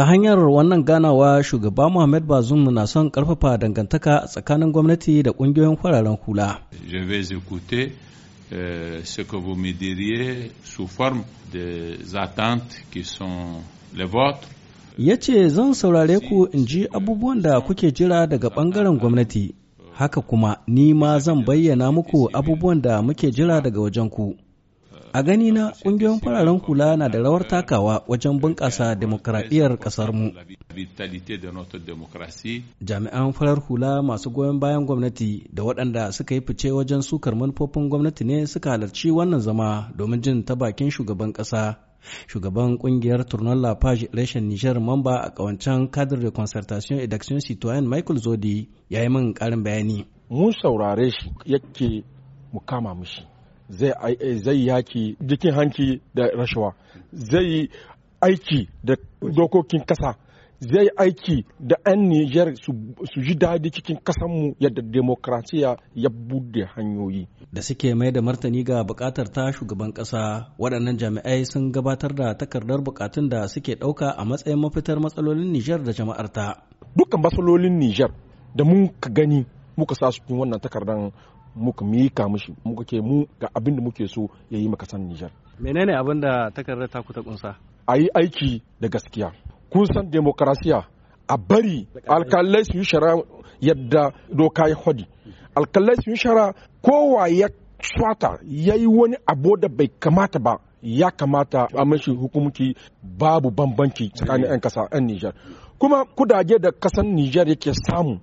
ta hanyar wannan ganawa shugaba Muhammad Bazoum na son karfafa dangantaka tsakanin gwamnati da kungiyoyin fararen hula. Ya ce zan saurare ku in ji abubuwan da kuke jira daga ɓangaren gwamnati, haka kuma ni ma zan bayyana muku abubuwan da muke jira daga wajen ku. A gani na ƙungiyoyin fararen hula na da rawar takawa wajen bunƙasa demokradiyyar ƙasarmu. Jami'an farar hula masu goyon bayan gwamnati da waɗanda suka yi fice wajen sukar manufofin gwamnati ne suka halarci wannan zama domin jin ta bakin shugaban ƙasa. Shugaban ƙungiyar Tournon La Page reshen Nijar mamba a ƙawancen Cadre de Concertation et d'Action Citoyenne Michael Zodi ya yi min ƙarin bayani. Mun saurare shi yake mu kama mishi. zai eh, yaki jikin hanki da rashawa zai aiki da dokokin kasa zai aiki da 'yan Nijar su ji daɗi cikin kasanmu yadda demokrasiya ya bude hanyoyi. Da suke mai da martani ga bukatar ta shugaban ƙasa waɗannan jami'ai sun gabatar da takardar bukatun da suke ɗauka a matsayin mafitar matsalolin Nijar da jama'arta. Dukkan matsalolin Nijar da mun ka gani muka sa su wannan takardar muka mika mishi muka ke mu ga abin da muke so ya yi maka san Nijar. Menene abin da takardar ta ku ta kunsa? A yi aiki da gaskiya. Kun san demokarasiya a bari alkalai su yi shara yadda doka ya hodi. Alkalai su yi shara kowa ya swata ya yi wani abu da bai kamata ba ya kamata a mashi hukumci babu bambanci tsakanin 'yan kasa 'yan Nijar. Kuma kudaje da kasan Nijar yake samu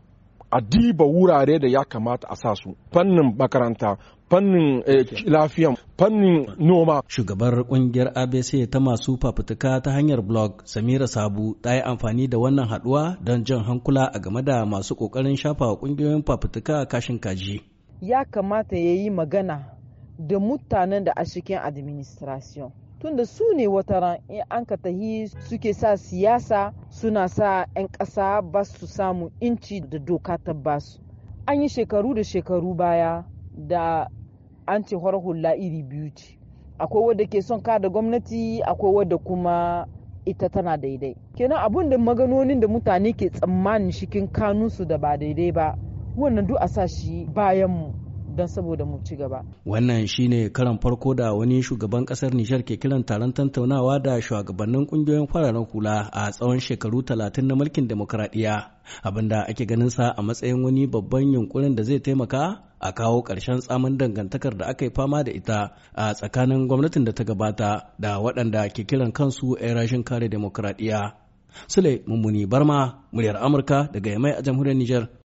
a diba wurare da ya kamata a sa su fannin makaranta fannin eh, lafiya fannin noma shugabar kungiyar abc ta masu fafutuka ta hanyar blog samira sabu ta yi amfani da wannan haduwa don jan hankula a game da masu kokarin shafa kungiyoyin fafutuka kashin kaji ya kamata ya yi magana da mutanen da a cikin administration tunda su ne wataran in an ka tahi suke sa siyasa suna sa 'yan ƙasa ba su samu inci da doka ta basu an yi shekaru da shekaru baya da an ce hula iri biyu ce akwai wadda ke son ka da gwamnati akwai wadda kuma ita tana daidai kenan abun da maganonin da mutane ke tsammanin cikin kanunsu da ba daidai ba wannan duk a sa shi bayan don saboda mu ci gaba. Wannan shine karan farko da wani shugaban kasar Nijar ke kiran taron tattaunawa da shugabannin kungiyoyin fararen hula a tsawon shekaru talatin na mulkin demokuraɗiyya. Abinda ake ganin sa a matsayin wani babban yunkurin da zai taimaka a kawo ƙarshen tsamin dangantakar da aka yi fama da ita a tsakanin gwamnatin da ta gabata da waɗanda ke kiran kansu 'yan rashin kare demokuraɗiyya. Sule Mummuni Barma, muryar Amurka daga Yamai a jamhuriyar Nijar.